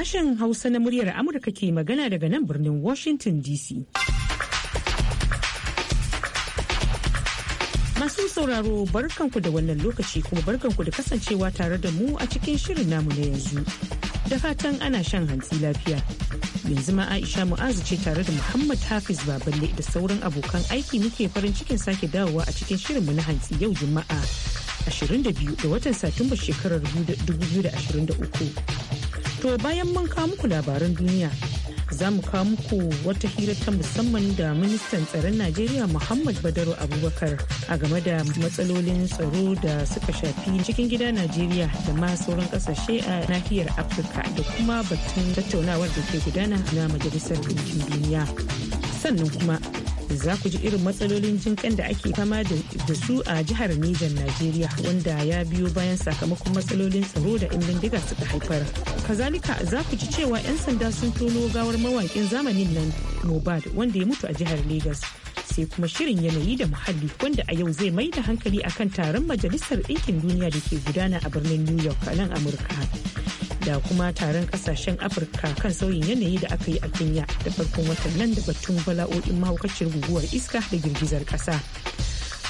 Sashen Hausa na muryar Amurka ke magana daga nan birnin Washington DC. Masu sauraro barkanku da wannan lokaci kuma barkanku da kasancewa tare da mu a cikin shirin namu na yanzu. Da fatan ana shan hantsi lafiya. Yanzu ma Aisha Mu'azu ce tare da Muhammad Hafiz Baballe da sauran abokan aiki muke farin cikin sake dawowa a cikin shirin mu na hantsi yau Juma'a 22 da watan Satumba shekarar 2023. To bayan mun kawo muku labaran duniya za mu kawo muku wata hira ta musamman da ministan tsaron Najeriya Muhammad Badaru Abubakar a game da matsalolin tsaro da suka shafi cikin gida Najeriya da ma sauran kasashe a nahiyar Afirka da kuma batun tattaunawar da ke gudana na Majalisar Ɗinkin Duniya. Sannan kuma za ku ji irin matsalolin jinkan da ake fama da su a jihar Nijar Najeriya wanda ya biyo bayan sakamakon matsalolin tsaro da in bindiga suka haifar. Kazalika za ku ji cewa 'yan sanda sun tono gawar mawaƙin zamanin nan Mobad wanda ya mutu a jihar Legas. sai kuma shirin yanayi da muhalli wanda a yau zai mai da hankali akan taron majalisar ɗinkin duniya da ke gudana a birnin New York a nan Amurka. da kuma taron kasashen afirka kan sauyin yanayi da aka yi a kenya da farkon watan nan da batun bala'o'in mahaukacin guguwar iska da girgizar kasa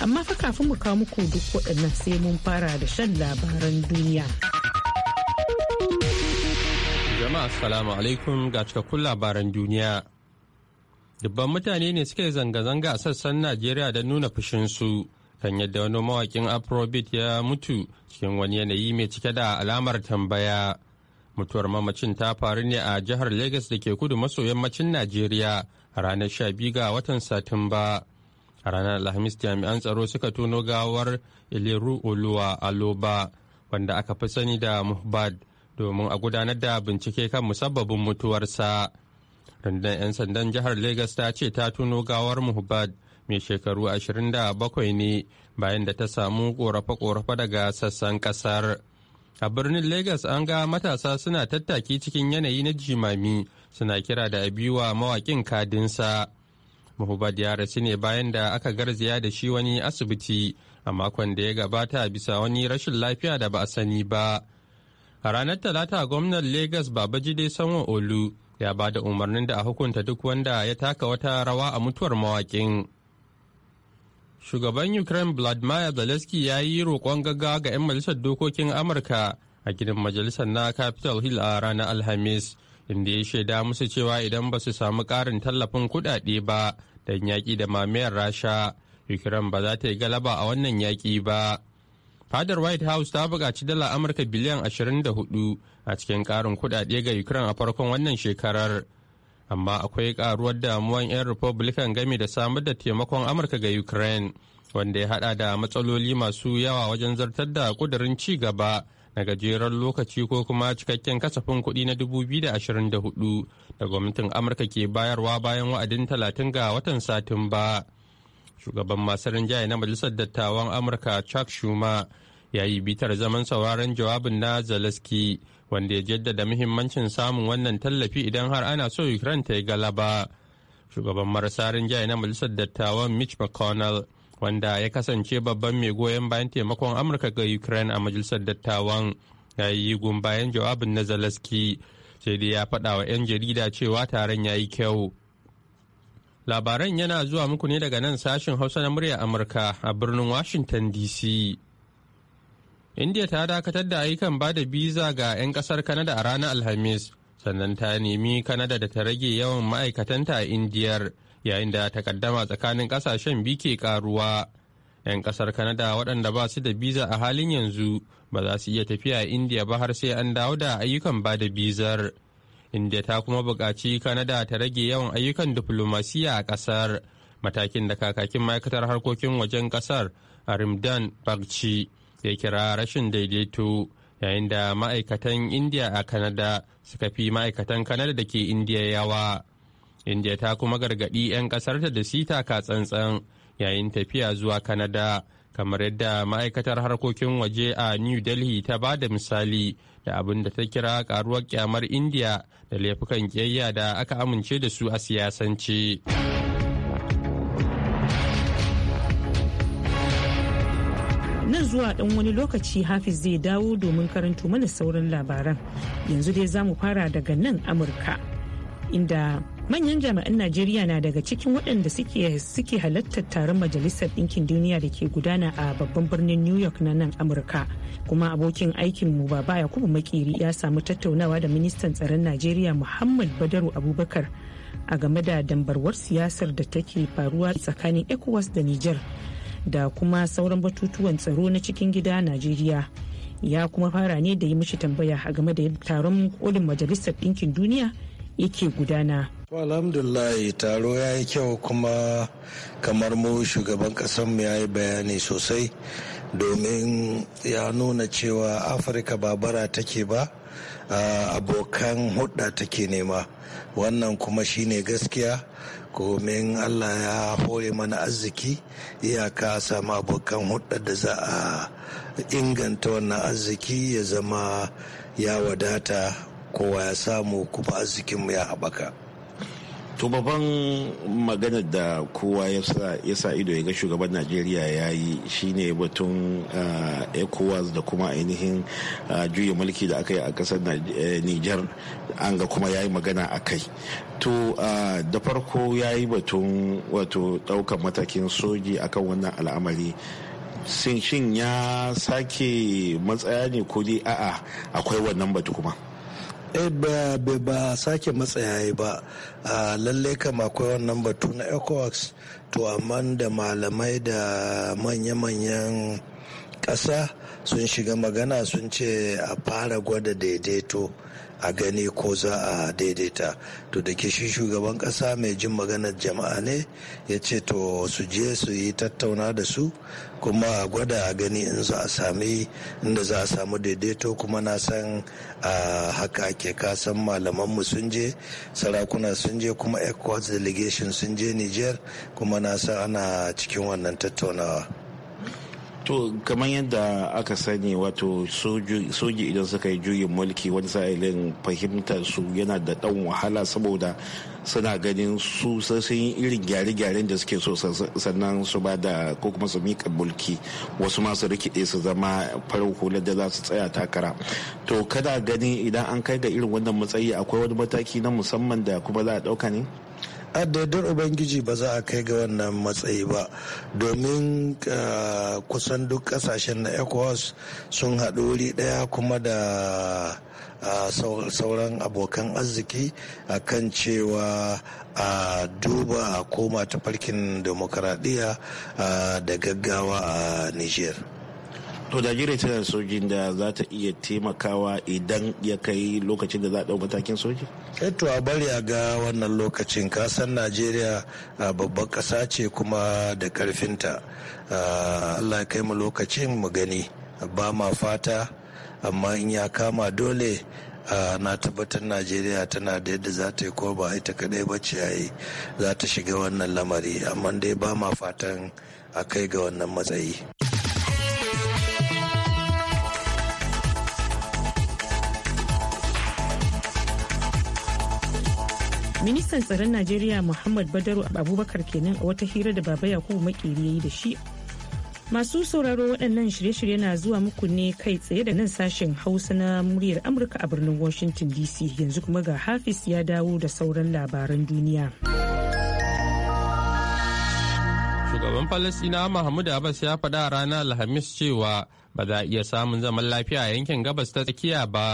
amma fa kafin mu kawo muku duk waɗannan sai mun fara da shan labaran duniya jama'a assalamu alaikum ga cikakkun labaran duniya dubban mutane ne suka yi zanga-zanga a sassan najeriya da nuna fushin su kan yadda wani mawakin afrobeat ya mutu cikin wani yanayi mai cike da alamar tambaya mutuwar mamacin ta faru ne a jihar Legas da ke kudu maso yammacin Najeriya a ranar 12 ga watan Satumba. A ranar Alhamis jami'an tsaro suka tono gawar Iliru Oluwa Aloba wanda aka fi sani da Muhbad domin a gudanar da bincike kan musabbabin mutuwarsa. Rundunar 'yan sandan jihar Legas ta ce ta tuno gawar Muhbad mai shekaru ashirin da bakwai ne bayan da ta samu korafe-korafe daga sassan kasar. A birnin Legas an ga matasa suna tattaki cikin yanayi na jimami suna kira da abiwa mawaƙin kadinsa. Muhammad ya rasu ne bayan da aka garzaya da shi wani asibiti a makon da ya gabata bisa wani rashin lafiya da ba a sani ba. A ranar Talata gwamnan Legas Babajide Sanwo Olu ya ba da umarnin da a hukunta duk wanda ya taka wata rawa a mutuwar mawaƙin. shugaban ukraine vladimir zelensky ya yi roƙon gaggawa ga 'yan majalisar dokokin amurka a gidan majalisar na capitol hill a ranar alhamis inda ya shaida musu cewa idan ba su samu ƙarin tallafin kuɗaɗe ba don yaƙi da mamayar rasha ukraine ba za ta yi galaba a wannan yaƙi ba fadar white house ta buƙaci dala amurka biliyan 24 a cikin ƙarin kuɗaɗe ga ukraine a farkon wannan shekarar amma akwai karuwar damuwan 'yan republican game da samar da taimakon amurka ga ukraine wanda ya hada da matsaloli masu yawa wajen zartar da kudirin ci gaba na gajeren lokaci ko kuma cikakken kasafin kudi na 2024 da gwamnatin amurka ke bayarwa bayan wa'adin talatin ga watan satumba shugaban masu rinjaye na majalisar dattawan amurka chuck schumer ya yi bitar zaman sauraron jawabin na Zelensky wanda ya jaddada muhimmancin samun wannan tallafi idan har ana so Ukraine ta yi galaba. Shugaban marasa rinjaye na Majalisar Dattawan Mitch McConnell wanda ya kasance babban mai goyon bayan taimakon Amurka ga Ukraine a Majalisar Dattawan ya yi gumbayan bayan jawabin na Zelensky sai dai ya faɗa wa 'yan jarida cewa taron ya yi kyau. Labaran yana zuwa muku ne daga nan sashen Hausa na murya Amurka a birnin Washington DC. india ta dakatar da ayyukan ba da biza ga 'yan kasar kanada a ranar alhamis sannan ta nemi kanada da ta rage yawan ma'aikatanta a indiyar yayin da takaddama tsakanin kasashen biyu ke karuwa 'yan kasar kanada waɗanda ba su da biza a halin yanzu ba za su iya tafiya a indiya ba har sai an dawo da ayyukan ba da bizar indiya ta kuma buƙaci kanada ta rage yawan ayyukan diflomasiya a ƙasar matakin da kakakin ma'aikatar harkokin wajen ƙasar arimdan bakci ya kira rashin daidaito yayin da ma'aikatan indiya a kanada suka fi ma'aikatan kanada da ke indiya yawa indiya ta kuma gargaɗi 'yan ƙasarta da sita ka tsantsan yayin tafiya zuwa kanada kamar yadda ma'aikatar harkokin waje a new delhi ta ba da misali da abin da ta kira karuwar kyamar indiya da laifukan kiyayya da aka amince da su a siyasance. nan zuwa dan wani lokaci hafiz zai dawo domin karanto mana sauran labaran yanzu dai za mu fara daga nan amurka inda manyan jami'an najeriya na daga cikin waɗanda suke halartar taron majalisar ɗinkin duniya da ke gudana a babban birnin new york na nan amurka kuma abokin aikinmu baba yakubu makeri ya samu tattaunawa da ministan tsaron najeriya muhammad badaru abubakar a game da dambarwar siyasar da take faruwa tsakanin ecowas da niger da kuma sauran batutuwan tsaro na cikin gida najeriya ya kuma fara ne da yi mishi tambaya a game da taron kolin majalisar ɗinkin duniya yake gudana alhamdulillah taro ya yi kyau kuma kamar mu shugaban mu ya yi bayani sosai domin ya nuna cewa afirka ba bara take ba abokan hudda take nema wannan kuma shine gaskiya komin allah ya hore mana arziki iyaka samu abokan hudda da za a inganta wannan arziki ya zama ya wadata kowa ya samu kuma arzikinmu ya haɓaka to babban maganar da kowa ya sa ido ya ga shugaban najeriya ya yi shine batun ah, ecowas da kuma ainihin ah, juya mulki da aka yi a kasar niger eh, an ga kuma ya yi magana a kai to ah, da farko ya yi batun wato daukan matakin soji akan wannan al'amari shin ya sake matsaya ne ko dai a'a akwai wannan batu kuma Eh, ba sake matsayaye ba a ah, lallai kama akwai wannan batu na ecowas to amma da malamai da manya-manyan ƙasa sun shiga magana sun ce a fara gwada daidaito a gani ko za a daidaita to da ke shi shugaban kasa mai jin maganar jama'a ne ya ce to su je su yi tattauna da su kuma a gwada a gani in za a sami inda za a samu daidaito kuma na san a haka ake kasan malamanmu sun je sarakuna sun je kuma ecuador delegation sun je niger kuma na san ana cikin wannan tattaunawa to kamar yadda aka sani wato soji idan suka yi juyin mulki wani sa'ilin fahimtar su yana da dan wahala saboda suna ganin su sun yi irin gyare-gyaren da suke so sannan su ba da ko kuma su mika mulki wasu masu rikide su zama farin hular da za su tsaya takara to kada gani idan an kai ga irin wannan matsayi akwai wani mataki na musamman da kuma za a dauka ne adadin ubangiji ba za a kai ga wannan matsayi ba domin kusan duk kasashen na ecowas sun haɗu wuri ɗaya kuma da sauran abokan arziki a kan cewa a duba a koma ta farkin demokaradiyya da gaggawa a niger to da najeriya tana sojin da za ta iya taimakawa idan ya kai lokacin da za a ɗau matakin soji Eto eh a bari a ga wannan lokacin kasan najeriya a babban ƙasa ce kuma da ƙarfinta allah ya kai mu lokacin mu gani ba ma fata amma in ya kama dole na tabbatar najeriya tana da yadda za ta yi ko ba ita kadai ba ce yayi za ta shiga wannan lamari amma dai ba ma fatan a kai ga wannan matsayi ministan tsaron najeriya muhammad badaru abubakar kenan a wata hira da baba yakubu makeri ya yi da shi masu sauraro waɗannan shirye-shirye na zuwa muku ne kai tsaye da nan sashen hausa na muryar amurka a birnin washington dc yanzu kuma ga hafiz ya dawo da sauran labaran duniya shugaban falasina mahmud abbas ya faɗa a ranar alhamis cewa ba za a iya samun zaman lafiya a yankin gabas ta tsakiya ba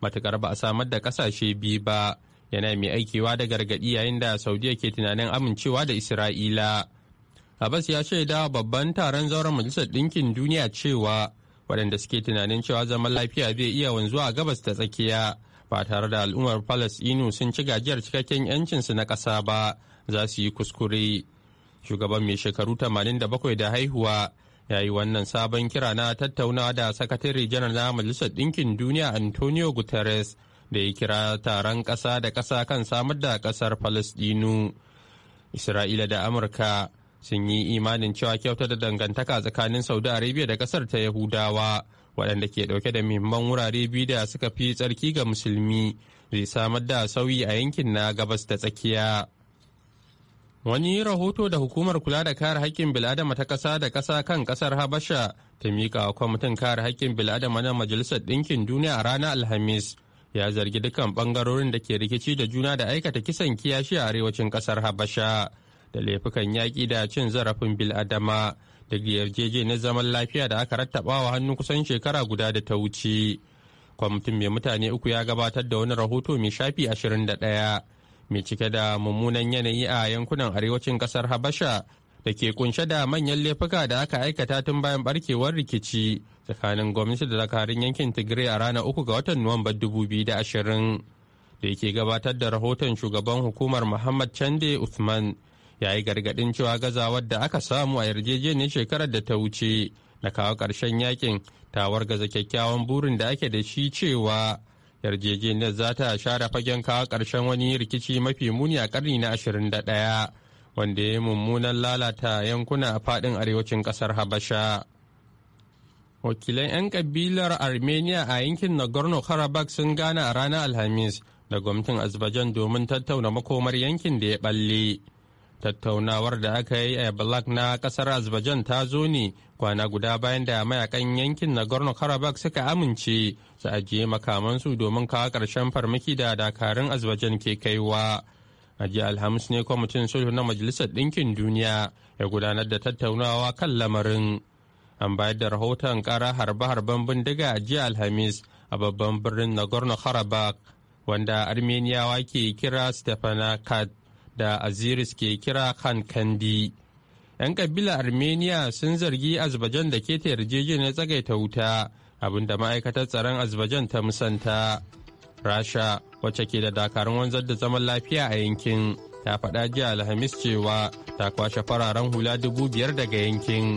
matukar ba a samar da ƙasashe biyu ba yana mai aikewa da gargaɗi yayin da saudiya ke tunanin amincewa da isra'ila abbas ya shaida babban taron zauren majalisar ɗinkin duniya cewa waɗanda suke tunanin cewa zaman lafiya zai iya wanzuwa a gabas ta tsakiya ba tare da al'ummar palestinu sun ci gajiyar cikakken 'yancinsu na ƙasa ba za su yi kuskure shugaban mai shekaru 87 da haihuwa ya yi wannan sabon kira na tattaunawa da sakatare janar na majalisar ɗinkin duniya antonio guterres da ya kira taron ƙasa da kasa kan samar da ƙasar Falasɗinu. Isra'ila da Amurka sun yi imanin cewa kyautar da dangantaka tsakanin Saudi Arabia da ƙasar ta Yahudawa waɗanda ke ɗauke da muhimman wurare biyu da suka fi tsarki ga musulmi zai samar da sauyi a yankin na gabas da tsakiya. Wani rahoto da hukumar kula da kare haƙƙin bil'adama ta ƙasa da ƙasa kan ƙasar Habasha ta miƙa wa kwamitin kare haƙƙin bil'adama na Majalisar Ɗinkin Duniya a ranar Alhamis ya zargi dukkan bangarorin da ke rikici da juna da aikata kisan kiyashi a arewacin kasar habasha da laifukan yaƙi da cin zarafin bil'adama da na zaman lafiya da aka rattaba wa hannu kusan shekara guda da ta wuce kwamitin mai mutane uku ya gabatar da wani rahoto mai shafi ashirin da ɗaya mai cike da mummunan yanayi a yankunan arewacin kasar habasha da ke kunshe da manyan laifuka da aka aikata tun bayan barkewar rikici tsakanin gwamnati da Zakarin yankin tigray a ranar uku ga watan nuwamba 2020 da ashirin da ke gabatar da rahoton shugaban hukumar muhammad chande usman ya yi gargadin cewa gazawar da aka samu a yarjejeniyar shekarar da ta wuce na kawo ƙarshen yakin ta wargaza kyakkyawan burin da ake da shi cewa yarjejeniyar za ta share fagen kawo ƙarshen wani rikici mafi muni a ƙarni na ɗaya. wanda ya yi mummunan lalata yankuna a fadin arewacin kasar habasha wakilan 'yan kabilar armenia a yankin nagorno-karabakh sun gana a ranar alhamis da gwamnatin azerbaijan domin tattauna makomar yankin da ya balle tattaunawar da aka yi a balak na kasar azerbaijan ta zo ne kwana guda bayan da mayakan yankin nagorno-karabakh suka amince su ajiye makamansu domin kawo ƙarshen farmaki da dakarun azerbaijan ke kaiwa. a jiya alhamis ne kwamitin sulhu na majalisar ɗinkin duniya ya gudanar da tattaunawa kan lamarin an bayar da rahoton kara harbe-harben bindiga a jiya alhamis a babban birnin nagorno-karabakh wanda armeniyawa ke kira stefanakat da aziris ke kira khan kandi yan kabila armenia sun zargi azerbaijan da ke keta yarjejeniyar tsagaita wuta abinda ma'aikatar tsaron azerbaijan ta musanta rasha wacce ke da dakarun wanzar da zaman lafiya a yankin ta faɗa jiya alhamis cewa ta kwashe fararen hula dubu biyar daga yankin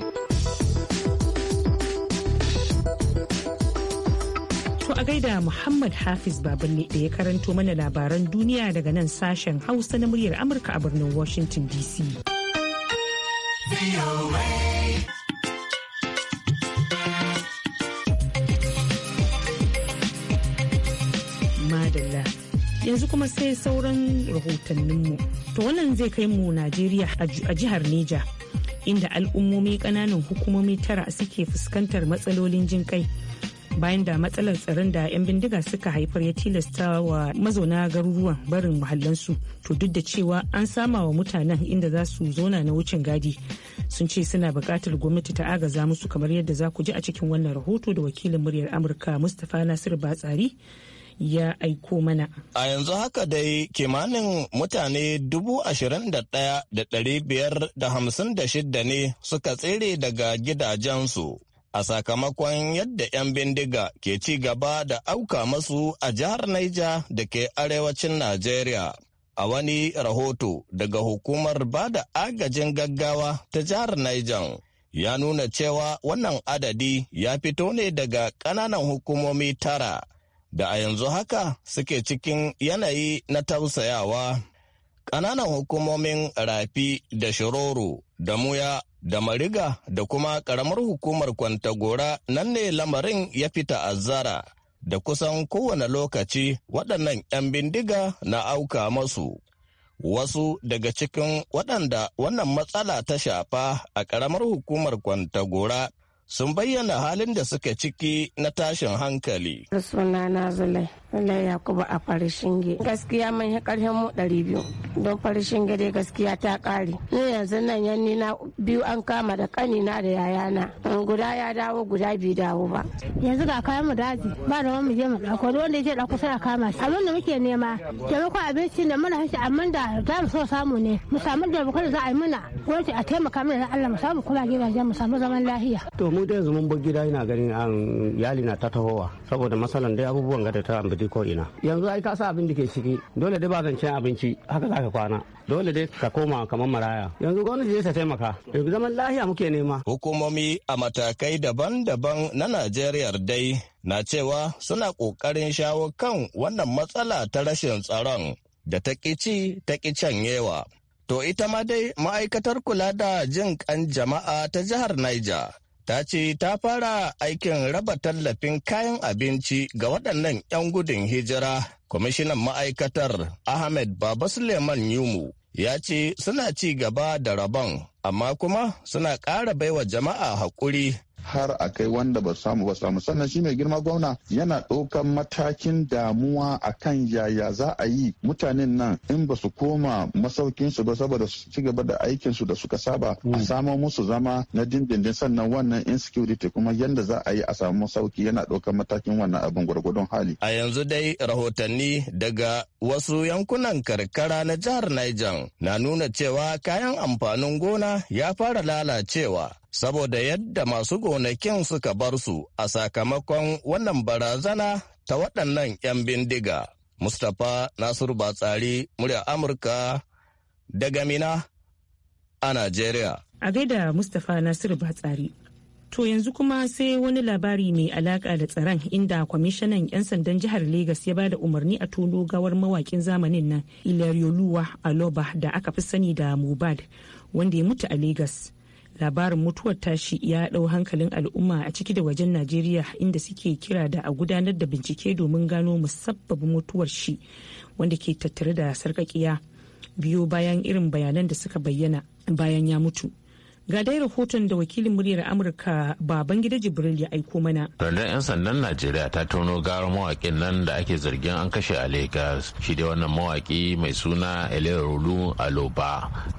to a gaida muhammad hafiz ne da ya karanto mana labaran duniya daga nan sashen hausa na muryar amurka a birnin washington dc yanzu kuma sai sauran rahotanninmu to wannan zai kai mu najeriya a jihar neja inda al'ummomi kananan hukumomi tara suke fuskantar matsalolin jin kai bayan da matsalar tsaron da 'yan bindiga suka haifar ya tilasta wa mazauna garuruwan barin muhallansu to duk da cewa an sama wa mutanen inda za su zona na wucin gadi sun ce suna buƙatar gwamnati ta agaza musu kamar yadda za ku ji a cikin wannan rahoto da wakilin muryar amurka mustapha nasir batsari ya aiko mana. A yanzu haka dai kimanin mutane dubu ashirin da ɗaya da ɗari biyar da hamsin da shidda ne suka tsere daga gidajensu. a sakamakon yadda 'yan bindiga ke ci gaba da auka masu a jihar Naija da ke arewacin Najeriya. A wani rahoto daga hukumar ba da agajin gaggawa ta jihar Niger ya nuna cewa wannan adadi ya fito ne daga ƙananan hukumomi tara da a yanzu haka suke cikin yanayi na tausayawa. Ƙananan hukumomin rafi da shiroro da muya da mariga da kuma ƙaramar hukumar kwantagora nan ne lamarin ya fita Zara, da kusan kowane lokaci waɗannan 'yan bindiga na auka masu. Wasu daga cikin waɗanda wannan matsala ta shafa a ƙaramar hukumar kwantagora sun bayyana halin da suka ciki na tashin hankali. Sunana Zulai. Allah ya kuba a ge. gaskiya mun yi karfin mu ɗari biyu don ge dai gaskiya ta ƙare ni yanzu nan yanni na biyu an kama da kanina da yayana guda ya dawo guda biyu dawo ba yanzu ga kayan mu daji ba da mu je mu ɗauko da wanda yake je ɗauko sai a kama shi abin da muke nema taimakon abinci da muna hanci amma da za mu so samu ne mu samu da bukar za a yi muna gwamnati a taimaka mana da Allah mu samu kula gidajen mu samu zaman lafiya to mu dai yanzu mun bar gida ina ganin an yali na ta tahowa saboda masalan dai abubuwan gada ta ambi ko ina yanzu ai ka sa abin da ke ciki dole dai ba zan ci abinci haka za ka kwana dole dai ka koma kamar maraya yanzu gwamnati zai ta taimaka yanzu zaman lahiya muke nema hukumomi a matakai daban-daban na najeriya dai na cewa suna ƙoƙarin shawo kan wannan matsala ta rashin tsaron da ta kici ta canyewa. To ita ma dai ma'aikatar kula da jin kan jama'a ta jihar Niger ta ce ta fara aikin raba tallafin kayan abinci ga waɗannan 'yan gudun hijira. Kwamishinan ma'aikatar Ahmed Baba Suleiman Yumu ya ce suna ci gaba da rabon amma kuma suna ƙara baiwa jama'a haƙuri har a kai wanda ba samu ba samu sannan shi mai girma gwamna yana ɗaukan matakin damuwa a kan yaya za a yi mutanen nan in ba su koma masaukin su ba saboda su ci gaba da su da suka saba a hmm. samo musu zama na dindindin sannan wannan insecurity kuma yadda za a yi a samu sauki yana ɗaukan matakin wannan abin gwargwadon hali. A yanzu dai rahotanni daga wasu yankunan karkara na jihar Niger na nuna cewa kayan amfanin gona ya fara lalacewa saboda yadda masu gonakin suka bar su a sakamakon wannan barazana ta waɗannan 'yan bindiga. Mustapha Nasiru Batsari, murya Amurka daga Mina a Najeriya. A gaida Mustapha Nasiru Batsari. To yanzu kuma sai wani labari mai alaka da tsaron inda kwamishinan 'yan sandan jihar Legas ya bada umarni a tono gawar mawakin zamanin nan Ilariyoluwa Aloba da aka fi sani da Mubad wanda ya mutu a Legas. labarin mutuwar tashi ya ɗau hankalin al'umma a ciki da wajen najeriya inda suke kira da a gudanar da bincike domin gano musabbabin mutuwar shi wanda ke tattare da sarkakiya biyo bayan irin bayanan da suka bayyana bayan ya mutu ga dai rahoton da wakilin muryar amurka baban gida jibril ya aiko mana rundun 'yan sandan najeriya ta tono gawar mawakin nan da ake zargin an kashe a lagos shi dai wannan mawaki mai suna elerolu aloba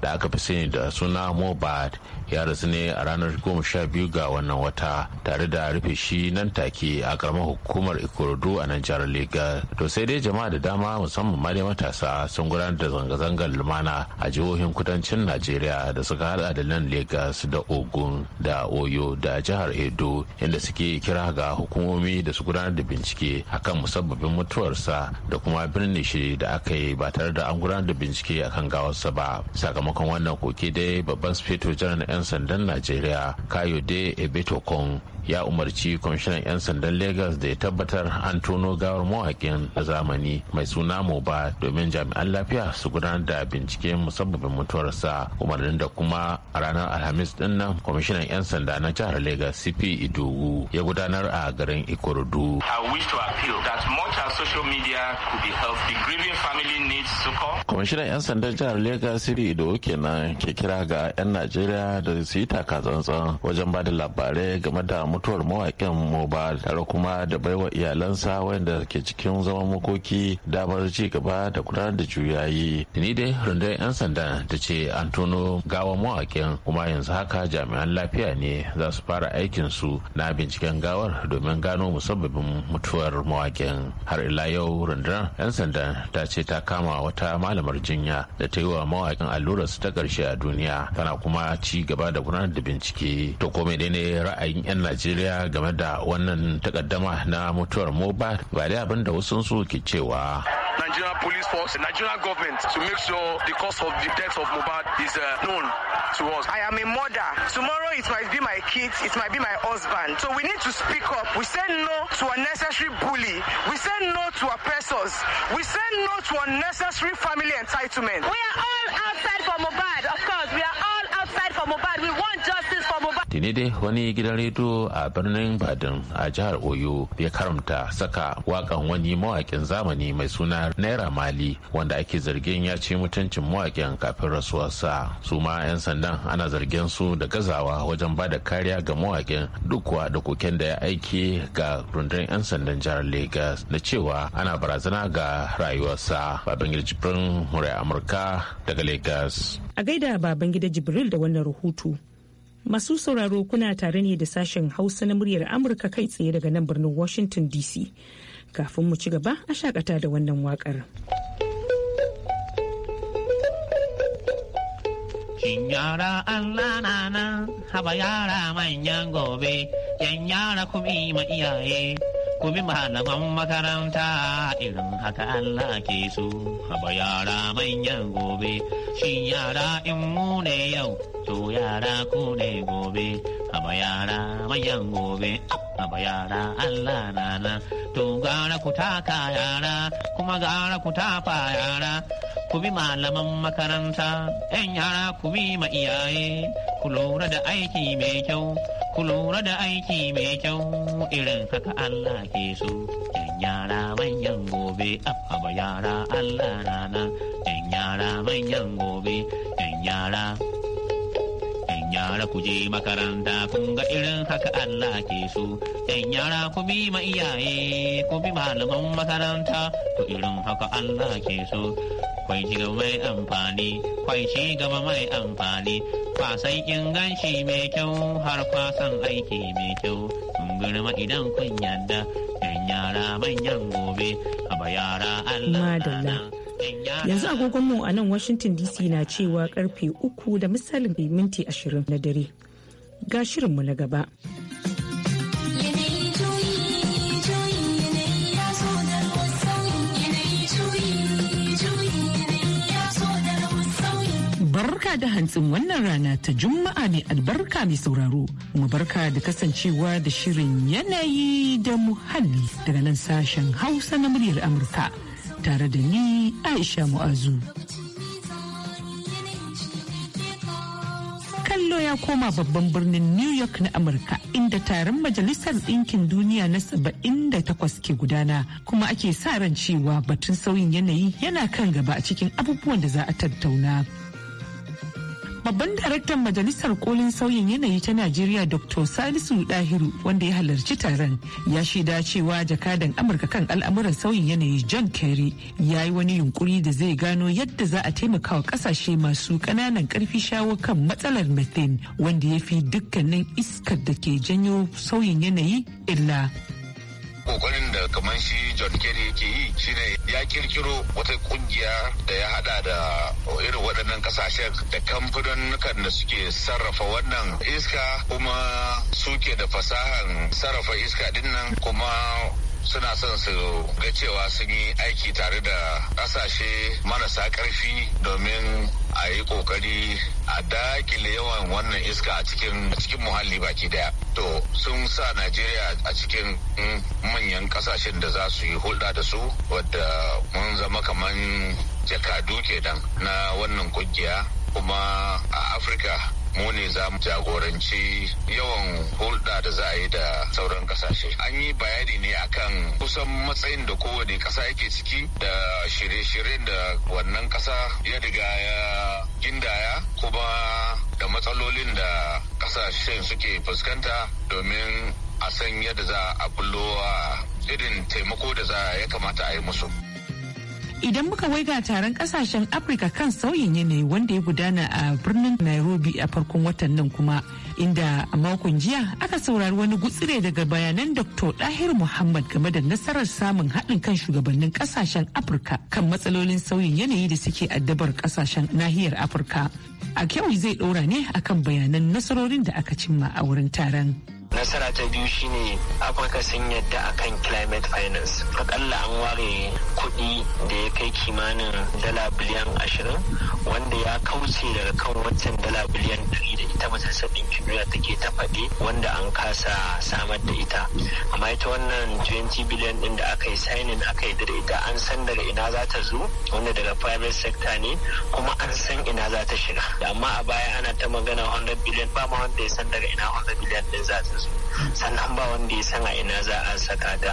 da aka fi sani da suna mobad ya rasu ne a ranar goma sha biyu ga wannan wata tare da rufe shi nan take a karamar hukumar ikorodu a nan jihar legas to sai dai jama'a da dama musamman ma dai matasa sun gudanar da zanga-zangar lumana a jihohin kudancin najeriya da suka hada da nan legas da ogun da oyo da jihar edo inda suke kira ga hukumomi da su gudanar da bincike akan musabbabin mutuwarsa da kuma birne shi da aka yi ba tare da an gudanar da bincike akan gawarsa ba sakamakon wannan koke dai babban sufeto janar 'yan sandan najeriya kayode ebetokon ya umarci kwamishinan 'yan sandan lagos da ya tabbatar an tono gawar mawaƙin a zamani mai suna ba domin jami'an lafiya su gudanar da binciken musabbabin mutuwarsa umarnin da kuma a ranar alhamis din nan kwamishinan 'yan sanda na jihar lagos cp idowu ya gudanar a garin ikorodu kwamishinan 'yan sandan jihar lagos cp idowu kenan ke kira ga 'yan najeriya da da su yi taka tsantsan wajen ba da labarai game da mutuwar mawaƙin Mohbad tare kuma da baiwa iyalansa wanda ke cikin zaman makoki damar ci gaba da gudanar da juyayi. Ni dai rundunar 'yan sanda ta ce an tono gawa mawaƙin kuma yanzu haka jami'an lafiya ne za su fara aikin su na binciken gawar domin gano musabbabin mutuwar mawaƙin. Har ila yau rundunar 'yan sanda ta ce ta kama wata malamar jinya da ta yi wa mawaƙin allurarsu ta ƙarshe a duniya tana kuma ci gaba gaba da gudanar da bincike to ko ra'ayin 'yan najeriya game da wannan takaddama na mutuwar ba dai abin da wasu su ke cewa Nigerian police force, and Nigerian government to make sure the cause of the death of Mubad is uh, known to us. I am a mother. Tomorrow it might be my kids, it might be my husband. So we need to speak up. We say no to unnecessary bully. We say no to oppressors. We say no to unnecessary family entitlement. We are all outside for Mubad. Mohbad. We want justice. tuni dai wani gidan rediyo a birnin badin a jihar oyo ya karamta saka wakan wani mawakin zamani mai suna naira mali wanda ake zargin ya ce mutuncin mawakin kafin rasuwarsa su ma 'yan sandan ana zargin su da gazawa wajen ba da kariya ga mawakin duk kuwa da koken da ya aiki ga rundunar 'yan sandan jihar lagos da cewa ana barazana ga rayuwarsa babangida jibrin murai amurka daga lagos a gaida babangida jibril da wannan rahoto Masu sauraro kuna tare ne da sashen Hausa na muryar Amurka kai tsaye daga nan birnin Washington DC. Kafin mu ci gaba a shakata da wannan wakar. Shin yara Allah na nan, haba yara manyan gobe, yan yara kuma ma iyaye. ku bi malaman makaranta irin haka Allah ke so haba yara manyan gobe shin yara in mu ne yau to yara ku ne gobe haba yara manyan gobe haba yara Allah nana to gara ku taka yara kuma gara ku tafa yara ku malaman makaranta 'yan yara ku bi ma iyaye ku lura da aiki mai kyau ku lura da aiki mai kyau irin haka Allah ke so. ‘Yan yara manyan gobe, abba yara Allah rana, ‘yan yara manyan gobe, ‘yan yara. ‘Yan yara ku je makaranta kun ga irin haka Allah ke so. ɗan yara ku bi ma iyaye, ku bi malaman makaranta, ku irin haka Allah ke so. Kwai ci gaba mai amfani, kwai ci gaba mai amfani. kwasan inganci mai kyau har kwasan aiki mai kyau sun girma idan kun yadda yan yara manyan gobe a yara Allah yanzu agogonmu a nan washington dc na cewa karfe uku da misalin minti ashirin na dare ga shirinmu na gaba. barka da hantsin wannan rana ta Juma'a mai albarka mai sauraro. Mu barka da kasancewa da shirin yanayi da muhalli daga nan sashen Hausa na muryar Amurka tare da ni Aisha Mu'azu. kallo ya koma babban birnin New York na Amurka inda taron Majalisar Ɗinkin Duniya na 78 ke gudana kuma ake sa ran cewa batun sauyin yanayi yana kan gaba a cikin abubuwan da za a tattauna. Babban daraktan Majalisar Kolin Sauyin Yanayi ta Najeriya Dr. Salisu Dahiru wanda ya halarci taron ya shaida cewa jakadan Amurka kan al'amuran sauyin yanayi John Kerry ya yi wani yunkuri da zai gano yadda za a taimaka wa kasashe masu ƙananan ƙarfi shawo kan matsalar methane wanda ya fi dukkanin iskar da ke janyo sauyin yanayi illa. kokarin da kamar shi john kerry yake yi shine ya kirkiro wata kungiya da ya hada da irin waɗannan kasashen da kamfanonukan da suke sarrafa wannan iska kuma suke da fasahan sarrafa iska dinnan kuma suna son su ga cewa sun yi aiki tare da ƙasashe marasa ƙarfi domin a yi ƙoƙari a dakile yawan wannan iska a cikin cikin muhalli baki daya to sun sa najeriya a cikin manyan ƙasashen da za su yi hulɗa da su wadda mun zama kamar jakadu kenan na wannan kungiya kuma a afirka mu ne za mu jagoranci yawan hulɗa da za a yi da sauran ƙasashe. An yi bayani ne akan kusan matsayin da kowane ƙasa yake ciki da shirye-shiryen da wannan ƙasa ya riga ya gindaya kuma da matsalolin da ƙasashen suke fuskanta domin a san yadda za a bullo irin taimako da za ya kamata a yi musu. idan muka waiga taron kasashen afirka kan sauyin yanayi wanda ya gudana a birnin nairobi a farkon watan nan kuma inda a makon jiya aka saurari wani gutsire daga bayanan dr dahir muhammad game da nasarar samun haɗin kan shugabannin kasashen afirka kan matsalolin sauyin yanayi da suke addabar kasashen nahiyar afirka a kyau zai ɗora ne akan bayanan nasarorin da aka cimma a wurin taron. Nasara ta biyu shine Afirka sun yadda akan climate finance. Akalla an ware kuɗi da ya kai kimanin dala biliyan ashirin wanda ya kauce daga kan wancan dala biliyan ɗari da ita majalisar ɗinkin duniya take ta faɗi wanda an kasa samar da ita. Amma ita wannan 20 biliyan ɗin da aka yi sainin aka yi da ita an san daga ina za ta zo wanda daga private sector ne kuma an san ina za ta shiga. Amma a baya ana ta magana 100 biliyan ba ma wanda ya san daga ina 100 biliyan ɗin za ta sannan ba wanda ya san a ina za a saka ta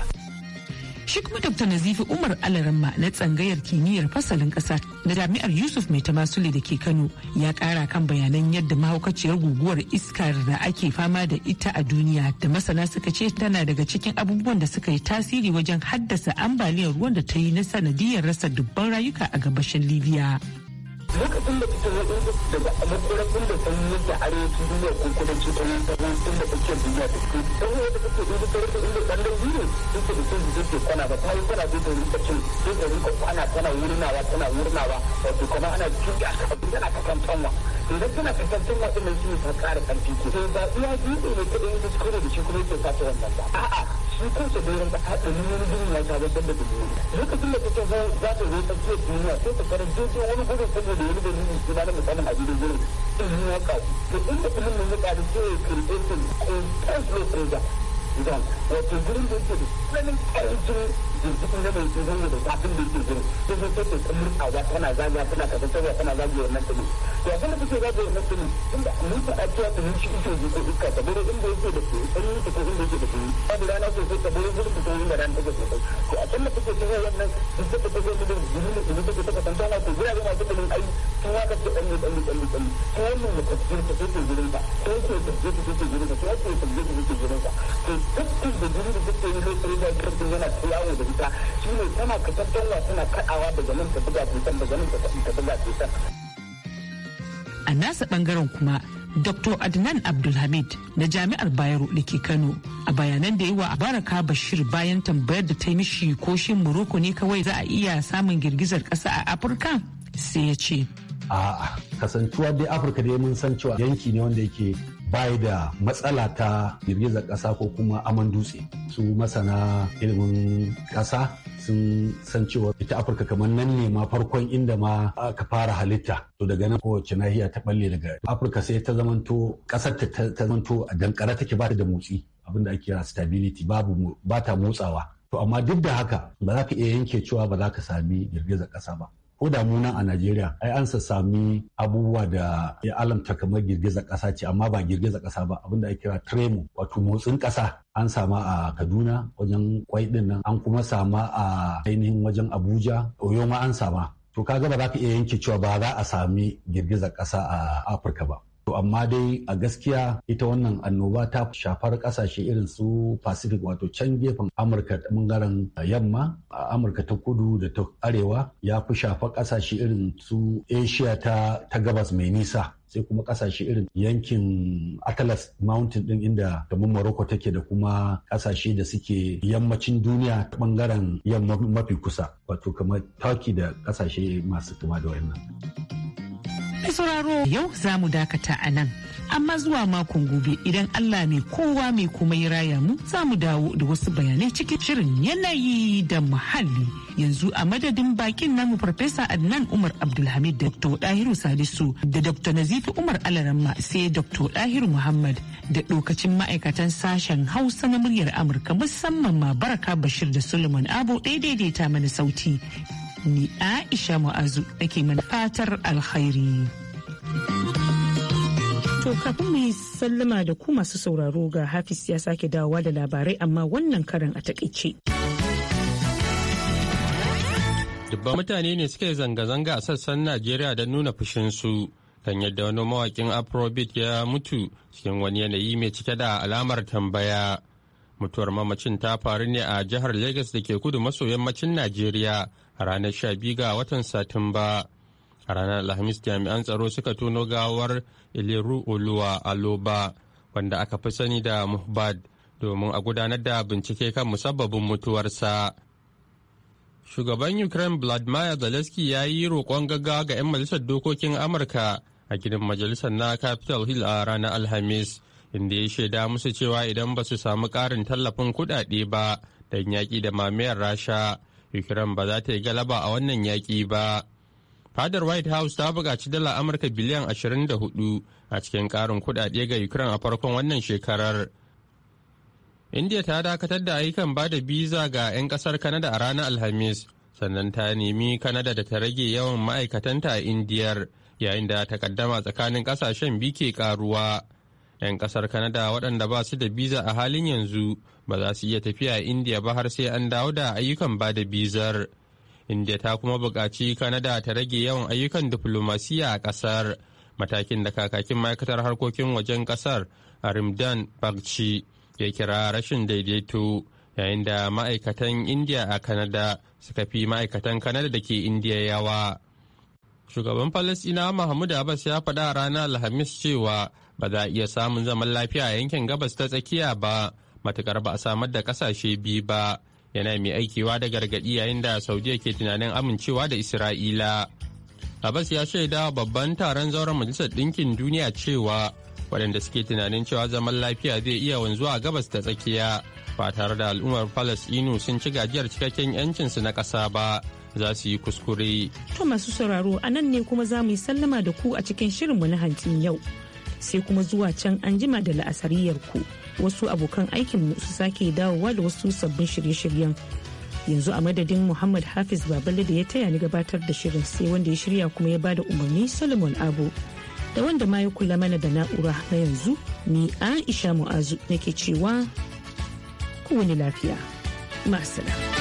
shi kuma nazifi umar alaramma na tsangayar kimiyyar fasalin ƙasa na jami'ar yusuf mai tamasule da ke kano ya ƙara kan bayanan yadda mahaukaciyar guguwar iskar da ake fama da ita a duniya da masana suka ce tana daga cikin abubuwan da suka yi tasiri wajen haddasa ambaliyar ruwan da ta yi na sanadiyar rasa dubban rayuka a gabashin libya lokacin da kike zaɓin daga makorafin da sun yake arewacin duniya ko kudanci ko kudancin da kake duniya da su don yau da kake inda ta rike inda ɗan dangi ne sun ke sun ji ke kwana ba ta yi kwana zai ta rinka cin zai ta rinka kwana tana wurnawa tana wurnawa wato kamar ana cikin da aka tana kakan canwa idan tana kasantan waɗannan su ta ƙara ƙarfi ko sai eh, ba iya dutse ne kuɗin da su da shi kuma yake fata wannan ba a'a su kansu da yaran da nuna gudun sabon da duniya lokacin da kake zo za ta zo tsakiyar duniya sai ta fara jirgin wani gudun saboda wani da nuna su ba na misalin a jirgin gurin in ya ƙaru to inda kuma mun ya ƙaru sai ya kirɗe ko kansu ne tsirga. Wato gurin da yake da asalin ƙarfin jikin zaman sun zama da zafin da yake jini ta zo ta ce murtawa tana zagaya tana kasantarwa tana zagaya wannan tuni to abin da kuke zagaya wannan tuni inda mun faɗa cewa ta yanci ita ji ko iska ta bude inda yake da ke tsanin ta ko inda yake da ke babu rana sosai ta bude gurin ta inda rana take sosai to a kan da kuke ta zo wannan duk ta zo da jini da jini take ko gura zama duka min ai tun haka ce ɗan ɗan ɗan ɗan ɗan ko wannan da kafin ta take gurin ta ko ke ta take gurin ta ko ke ta take ta to duk da jini da take yi da karfi yana yawo da ita shi ne tana kasantarwa tana kaɗawa daga nan ta buga tutar daga nan ta buga tutar. A nasa bangaren kuma Dr. Adnan Abdulhamid na Jami'ar Bayero da ke Kano a bayanan da yi wa Baraka Bashir bayan tambayar da ta yi mishi ko shin Morocco ne kawai za a iya samun girgizar ƙasa a Afirka sai ya ce. A'a, kasantuwa dai Afirka dai mun san cewa yanki ne wanda yake bai da matsala ta girgizar ƙasa ko kuma aman dutse su masana ilimin ƙasa sun san cewa ita afirka kamar nan ne ma farkon inda ma aka fara halitta to daga nan kowace nahiya ta balle daga afirka sai ta zamanto ƙasar ta zamanto a dankara take ba da motsi Abin da ake kira stability babu ba ta motsawa to amma duk da haka ba za ka iya yanke cewa ba za ka sami girgizar ƙasa ba ko da mu a Najeriya ai an sami abubuwa da ya alamta kamar girgizar ƙasa ce amma ba girgizar ƙasa ba abin da ake kira tremo wato motsin ƙasa an sama a Kaduna wajen kwai din nan an kuma sama a ainihin wajen Abuja Oyo ma an sama to kaga ba za ka iya yanke cewa ba za a sami girgizar ƙasa a Afirka ba To amma dai a gaskiya ita wannan annoba ta shafar kasashe irin su Pacific wato can gefen Amurka bangaren yamma a Amurka ta kudu da ta arewa ya fi shafar kasashe irin su Asia ta, ta gabas mai nisa. sai kuma kasashe irin yankin atlas mountain din inda kamar morocco take da kuma kasashe da suke yammacin duniya ta bangaren yamma mafi kusa wato kamar turkey da kasashe masu kama da wayannan. Mai sauraro yau za mu dakata a nan. Amma zuwa makon gobe idan Allah mai kowa mai kuma yi raya mu za mu dawo da wasu bayanai cikin shirin yanayi da muhalli. Yanzu a madadin bakin namu Farfesa Adnan Umar Abdulhamid Dr. Dahiru Salisu da Dr. Nazifi Umar Alaramma sai Dr. Dahiru Muhammad da dokacin ma'aikatan sashen Hausa na muryar Amurka musamman ma Baraka Bashir da Suleiman Abo ɗaya daidaita mana sauti. ni Aisha Mu'azu nake mana fatar alkhairi. To kafin mu yi sallama da ku masu sauraro ga Hafiz ya sake dawowa da labarai amma wannan karin a takaice. Dubban mutane ne suka yi zanga-zanga a sassan Najeriya don nuna fushinsu kan yadda wani mawakin Afrobeat ya mutu cikin wani yanayi mai cike da alamar tambaya. Mutuwar mamacin ta faru ne a jihar Legas da ke kudu maso yammacin Najeriya a ranar 12 ga watan Satumba. A ranar Alhamis jami'an tsaro suka tono gawar Iliru Oluwa Aloba wanda aka fi sani da Muhbad domin a gudanar da bincike kan musabbabin mutuwarsa. Shugaban Ukraine Vladimir Zelensky ya yi roƙon gaggawa ga 'yan majalisar dokokin Amurka a gidan majalisar na Capitol Hill a ranar Alhamis, inda ya shaida musu cewa idan ba su samu ƙarin tallafin kuɗaɗe ba don yaƙi da mamayar Rasha, Ukraine ba za ta yi galaba a wannan yaƙi ba. Fadar White House ta buƙaci dala Amurka biliyan 24 a cikin ƙarin kuɗaɗe ga Ukraine a farkon wannan shekarar. India ta dakatar da ayyukan ba da biza ga 'yan ƙasar Canada a ranar Alhamis, sannan ta nemi Canada da ta rage yawan ma'aikatanta a Indiyar yayin da takaddama tsakanin ƙasashen biyu ke ƙaruwa. 'Yan ƙasar Canada waɗanda ba su da biza a halin yanzu ba za su iya tafiya a indiya ba har sai an dawo da ayyukan ba da bizar indiya ta kuma buƙaci kanada ta rage yawan ayyukan diflomasiya a ƙasar matakin da kakakin ma'aikatar harkokin wajen ƙasar arimdan bakci ya kira rashin daidaito yayin da ma'aikatan indiya a kanada suka fi ma'aikatan kanada da ke indiya yawa shugaban falasina mahmud abbas ya faɗa ranar alhamis cewa ba za a iya samun zaman lafiya a yankin gabas ta tsakiya ba matukar ba a samar da kasashe biyu ba yana mai aikewa da gargaɗi yayin da saudiya ke tunanin amincewa da isra'ila abbas ya shaida babban taron zauren majalisar ɗinkin duniya cewa waɗanda suke tunanin cewa zaman lafiya zai iya wanzuwa gabas da tsakiya ba tare da al'ummar inu sun ci gajiyar cikakken 'yancinsu na ƙasa ba za su yi kuskure. To masu sauraro a nan ne kuma za mu yi sallama da ku a cikin shirinmu na hantsin yau sai kuma zuwa can anjima da la'asariyar ku. wasu abokan aikin su sake dawowa da wasu sabbin shirye-shiryen yanzu a madadin muhammad hafiz babalu da ya taya ni gabatar da shirin sai wanda ya shirya kuma ya bada umarni solomon abu da wanda ma ya kula mana da na'ura na yanzu ni aisha mu'azu nake cewa lafiya masu lafiya masala.